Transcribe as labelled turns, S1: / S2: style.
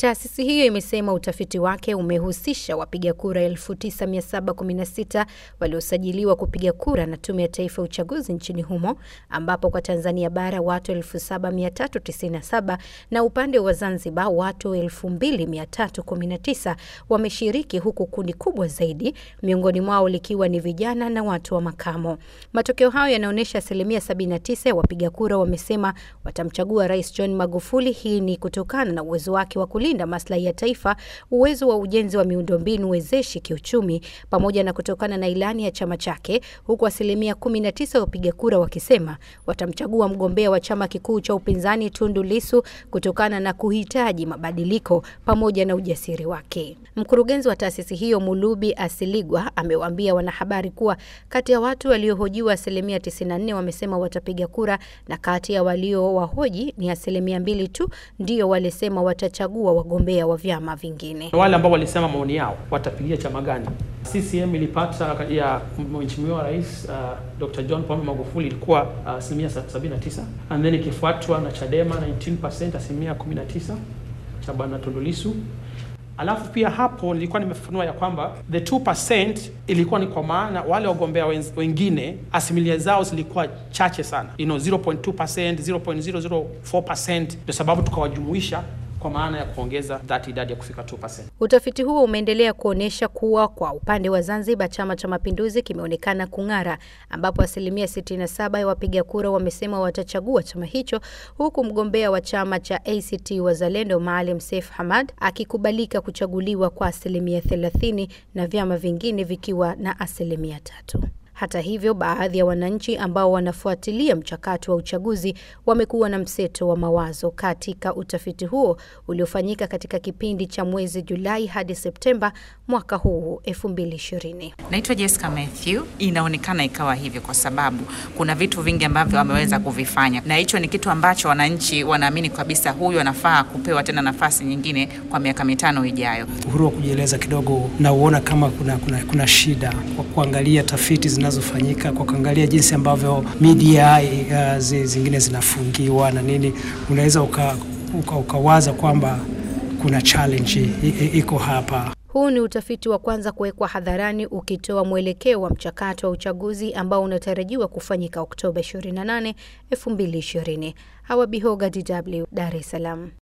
S1: Taasisi hiyo imesema utafiti wake umehusisha wapiga kura 9716 waliosajiliwa kupiga kura na Tume ya Taifa ya Uchaguzi nchini humo, ambapo kwa Tanzania bara watu 7397 na upande wa Zanzibar watu 2319 wameshiriki, huku kundi kubwa zaidi miongoni mwao likiwa ni vijana na watu wa makamo. Matokeo hayo yanaonyesha asilimia 79 ya wapiga kura wamesema watamchagua Rais John Magufuli. Hii ni kutokana na uwezo wake wa kulinda kulinda maslahi ya taifa, uwezo wa ujenzi wa miundombinu wezeshi kiuchumi, pamoja na kutokana na ilani ya chama chake, huku asilimia 19 ya wapiga kura wakisema watamchagua mgombea wa chama kikuu cha upinzani Tundu Lisu kutokana na kuhitaji mabadiliko pamoja na ujasiri wake. Mkurugenzi wa taasisi hiyo Mulubi Asiligwa amewaambia wanahabari kuwa kati ya watu waliohojiwa asilimia 94 wamesema watapiga kura na kati ya waliowahoji ni asilimia mbili tu ndio walisema watachagua wagombea wa vyama vingine.
S2: Wale ambao walisema maoni yao watapigia chama gani? CCM ilipata ya Mheshimiwa Rais uh, Dr. John Pombe Magufuli ilikuwa uh, asilimia uh, 79 and then ikifuatwa na Chadema 19% asilimia 19 cha Bwana Tundu Lissu. Alafu pia hapo nilikuwa nimefafanua ya kwamba the 2% ilikuwa ni kwa maana wale wagombea wengine asimilia zao zilikuwa chache sana, you know 0.2%, 0.004%, ndio sababu tukawajumuisha kwa maana ya kuongeza dhati idadi ya kufika 2%.
S1: Utafiti huo umeendelea kuonyesha kuwa kwa upande wa Zanzibar, Chama cha Mapinduzi kimeonekana kung'ara, ambapo asilimia 67 ya wapiga kura wamesema watachagua chama hicho, huku mgombea wa chama cha ACT Wazalendo Maalim Seif Hamad akikubalika kuchaguliwa kwa asilimia 30 na vyama vingine vikiwa na asilimia tatu. Hata hivyo, baadhi ya wananchi ambao wanafuatilia mchakato wa uchaguzi wamekuwa na mseto wa mawazo. Katika utafiti huo uliofanyika katika kipindi cha mwezi Julai hadi Septemba mwaka huu 2020.
S3: Naitwa Jessica Matthew. Inaonekana ikawa hivyo kwa sababu kuna vitu vingi ambavyo wameweza kuvifanya, na hicho ni kitu ambacho wananchi wanaamini kabisa huyu anafaa kupewa tena nafasi nyingine kwa miaka mitano ijayo.
S4: Uhuru wa kujieleza kidogo na uona kama kuna, kuna, kuna shida kwa kuangalia tafiti zina zinazofanyika kwa kuangalia jinsi ambavyo media uh, zi, zingine zinafungiwa na nini, unaweza ukawaza uka, uka kwamba kuna challenge iko hapa.
S1: Huu ni utafiti wa kwanza kuwekwa hadharani ukitoa mwelekeo wa mchakato wa uchaguzi ambao unatarajiwa kufanyika Oktoba 28, 2020. Hawa Bihoga, DW, Dar es Salaam.